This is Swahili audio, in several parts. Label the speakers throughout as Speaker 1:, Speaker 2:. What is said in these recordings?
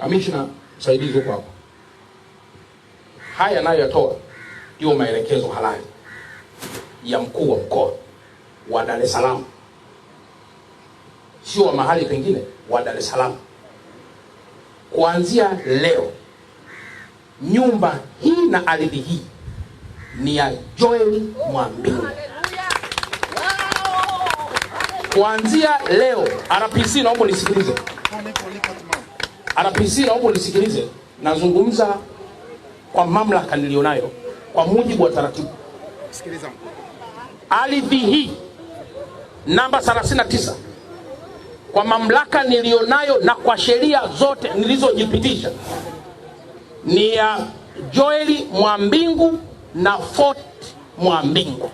Speaker 1: Kamishna msaidizi huko hapo, haya nayo yatoa ndio maelekezo halali ya mkuu wa mkoa wa Dar es Salaam, sio wa mahali pengine, wa Dar es Salaam. Kuanzia leo nyumba hii na ardhi hii ni ya Joel Mwambini. Kuanzia leo, RPC, naomba nisikilize. RPC, naomba unisikilize, nazungumza kwa mamlaka nilionayo kwa mujibu wa taratibu. Sikiliza ardhi hii namba 39 kwa mamlaka nilionayo na kwa sheria zote nilizojipitisha ni ya Joeli Mwambingu na Fort Mwambingu.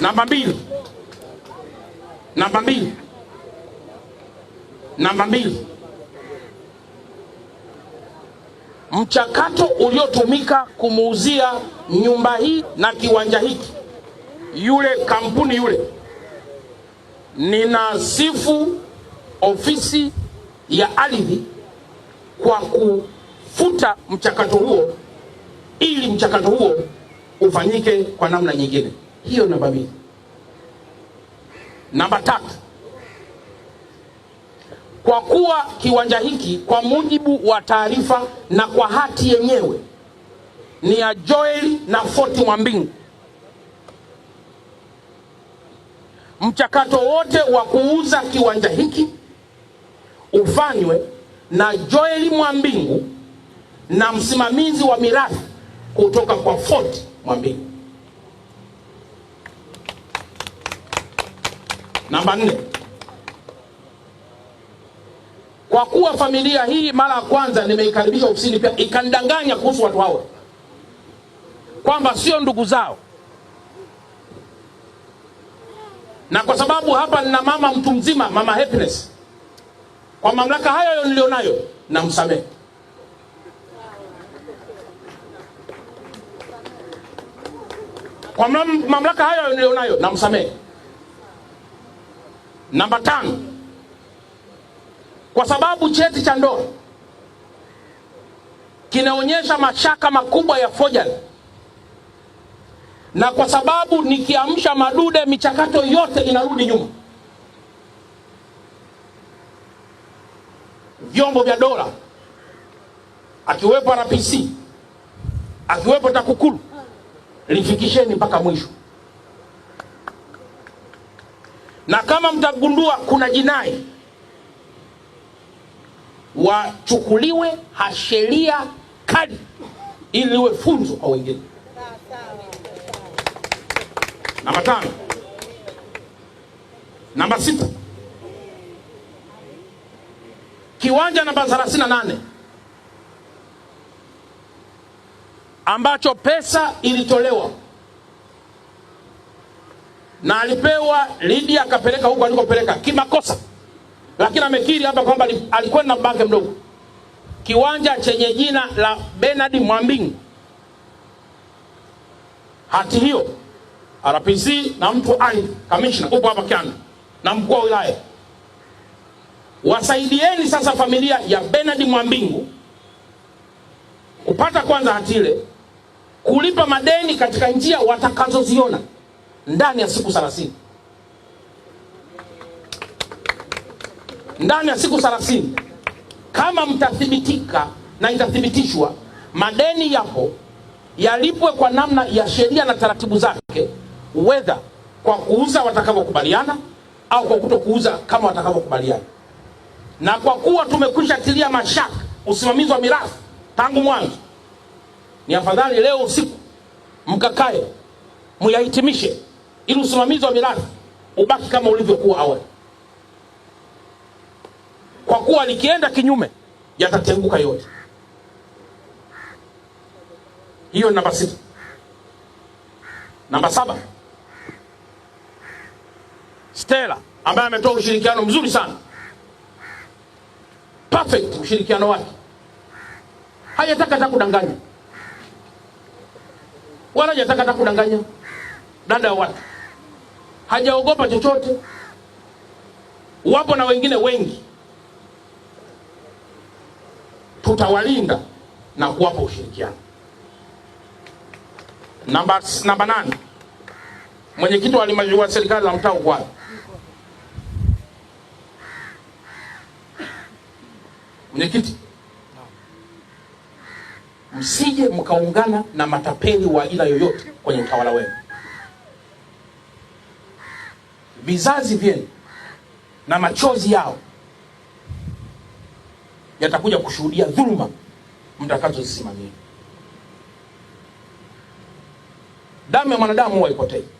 Speaker 1: Namba mbili Namba mbili, namba mbili, mchakato uliotumika kumuuzia nyumba hii na kiwanja hiki yule kampuni yule, ninasifu ofisi ya ardhi kwa kufuta mchakato huo ili mchakato huo ufanyike kwa namna nyingine. Hiyo namba mbili. Namba tatu, kwa kuwa kiwanja hiki kwa mujibu wa taarifa na kwa hati yenyewe ni ya Joel na Fort Mwambingu, mchakato wote wa kuuza kiwanja hiki ufanywe na Joel Mwambingu na msimamizi wa mirathi kutoka kwa Fort Mwambingu. Namba nne, kwa kuwa familia hii mara ya kwanza nimeikaribisha ofisini, pia ikanidanganya kuhusu watu hao kwamba sio ndugu zao, na kwa sababu hapa nina mama mtu mzima, mama Happiness, kwa mamlaka hayo nilionayo namsamehe. Kwa mamlaka hayo nilionayo namsamehe. Namba tano, kwa sababu cheti cha ndoa kinaonyesha mashaka makubwa ya forgery, na kwa sababu nikiamsha madude michakato yote inarudi nyuma. Vyombo vya dola akiwepo RPC akiwepo TAKUKURU, lifikisheni mpaka mwisho na kama mtagundua kuna jinai wachukuliwe hasheria kali ili liwe funzo kwa wengine. Namba tano. Namba sita, kiwanja namba 38 ambacho pesa ilitolewa na alipewa lidi akapeleka huko alikopeleka kimakosa, lakini amekiri hapa kwamba alikwenda na babake mdogo kiwanja chenye jina la Bernard Mwambingu. Hati hiyo RPC na mtu ali kamishna huko hapa kiana na mkuu wa wilaya wasaidieni sasa familia ya Bernard Mwambingu kupata kwanza hati ile, kulipa madeni katika njia watakazoziona ndani ya siku 30 ndani ya siku 30 kama mtathibitika na itathibitishwa madeni yapo yalipwe kwa namna ya sheria na taratibu zake, wedha kwa kuuza watakavyokubaliana au kwa kutokuuza kuuza kama watakavyokubaliana. Na kwa kuwa tumekwisha tilia mashaka usimamizi wa mirathi tangu mwanzo, ni afadhali leo usiku mkakae muyahitimishe ili usimamizi wa miradi ubaki kama ulivyokuwa awali, kwa kuwa likienda kinyume yatatenguka yote. Hiyo ni namba sita. Namba saba, Stella ambaye ametoa ushirikiano mzuri sana perfect, ushirikiano wake hajataka hata kudanganya, wala hajataka hata kudanganya dada ya watu hajaogopa chochote. Wapo na wengine wengi, tutawalinda na kuwapa ushirikiano. Namba, namba nane, mwenyekiti wa halmashauri serikali la mtaa Ukwala, mwenyekiti, msije mkaungana na matapeli wa aina yoyote kwenye utawala wenu. vizazi vyenu na machozi yao yatakuja kushuhudia dhuluma mtakazozisimamia. Damu ya mwanadamu huwa ipotei.